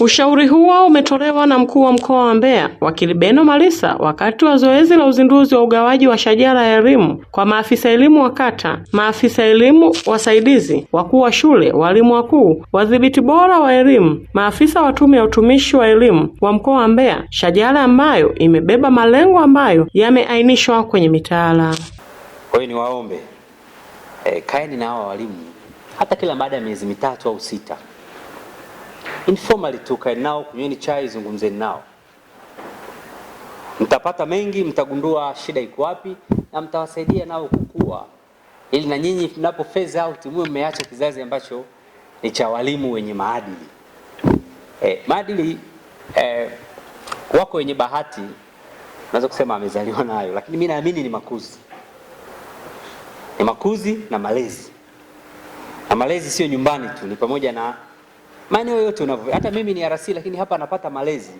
Ushauri huo umetolewa na Mkuu wa Mkoa wa Mbeya Wakili Beno Malisa wakati wa zoezi la uzinduzi wa ugawaji wa shajara ya elimu kwa maafisa elimu wa kata, maafisa elimu wasaidizi, wakuu wa shule, walimu wakuu, wadhibiti bora wa elimu, maafisa wa Tume ya Utumishi wa Elimu wa Mkoa wa Mbeya, shajara ambayo imebeba malengo ambayo yameainishwa kwenye mitaala. Kwa hiyo niwaombe, eh, kaeni na hawa walimu hata kila baada ya miezi mitatu au sita informally tu, nao, kunyweni chai, zungumzeni nao, mtapata mengi, mtagundua shida iko wapi, na mtawasaidia nao kukua, ili na nyinyi mnapo phase out mwe mmeacha kizazi ambacho ni cha walimu wenye maadili eh, maadili eh, wako wenye bahati naweza kusema amezaliwa nayo, lakini mimi naamini ni makuzi, ni makuzi na malezi, na malezi sio nyumbani tu, ni pamoja na maeneo yote unavyo. Hata mimi ni RC lakini hapa napata malezi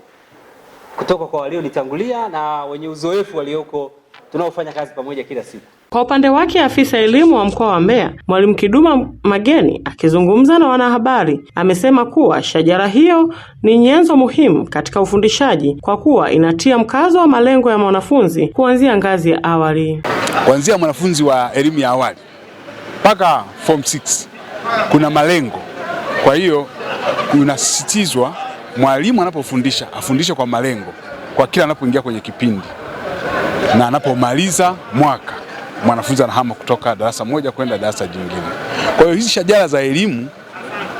kutoka kwa walionitangulia na wenye uzoefu walioko tunaofanya kazi pamoja kila siku. Kwa upande wake afisa elimu wa mkoa wa Mbeya Mwalimu Kiduma Mageni akizungumza na wanahabari amesema kuwa shajara hiyo ni nyenzo muhimu katika ufundishaji kwa kuwa inatia mkazo wa malengo ya mwanafunzi kuanzia ngazi ya awali. Kuanzia mwanafunzi wa elimu ya awali mpaka form 6 kuna malengo, kwa hiyo unasisitizwa mwalimu anapofundisha afundishe kwa malengo kwa kila anapoingia kwenye kipindi na anapomaliza mwaka mwanafunzi anahama kutoka darasa moja kwenda darasa jingine. Kwa hiyo hizi shajara za elimu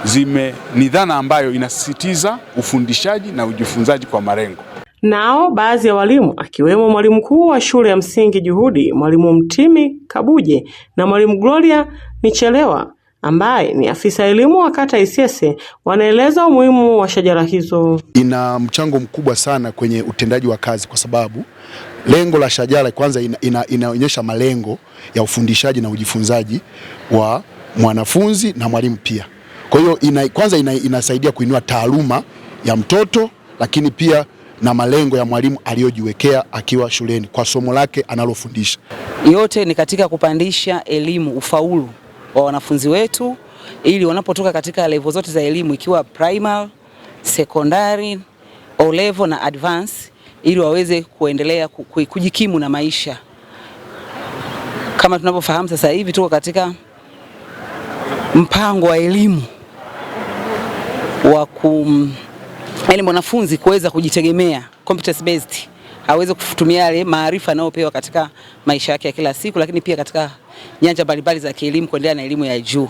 zime ni dhana ambayo inasisitiza ufundishaji na ujifunzaji kwa malengo. Nao baadhi ya walimu akiwemo mwalimu mkuu wa shule ya msingi Juhudi, mwalimu Mtimi Kabuje na mwalimu Gloria Nichelewa ambaye ni afisa elimu wa kata Isyesye wanaeleza umuhimu wa shajara hizo. Ina mchango mkubwa sana kwenye utendaji wa kazi kwa sababu lengo la shajara kwanza ina, inaonyesha malengo ya ufundishaji na ujifunzaji wa mwanafunzi na mwalimu pia. Kwa hiyo ina, kwanza ina, inasaidia kuinua taaluma ya mtoto lakini pia na malengo ya mwalimu aliyojiwekea akiwa shuleni kwa somo lake analofundisha. Yote ni katika kupandisha elimu, ufaulu wa wanafunzi wetu ili wanapotoka katika level zote za elimu ikiwa primary, secondary, O level na advance ili waweze kuendelea kujikimu na maisha. Kama tunavyofahamu sasa hivi tuko katika mpango wa elimu wa kum, yaani mwanafunzi kuweza kujitegemea competence based aweze kutumia yale maarifa anayopewa katika maisha yake ya kila siku, lakini pia katika nyanja mbalimbali za kielimu kuendelea na elimu ya juu.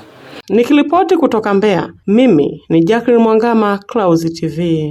Nikiripoti kutoka Mbeya, mimi ni Jacqueline Mwangama, Clouds TV.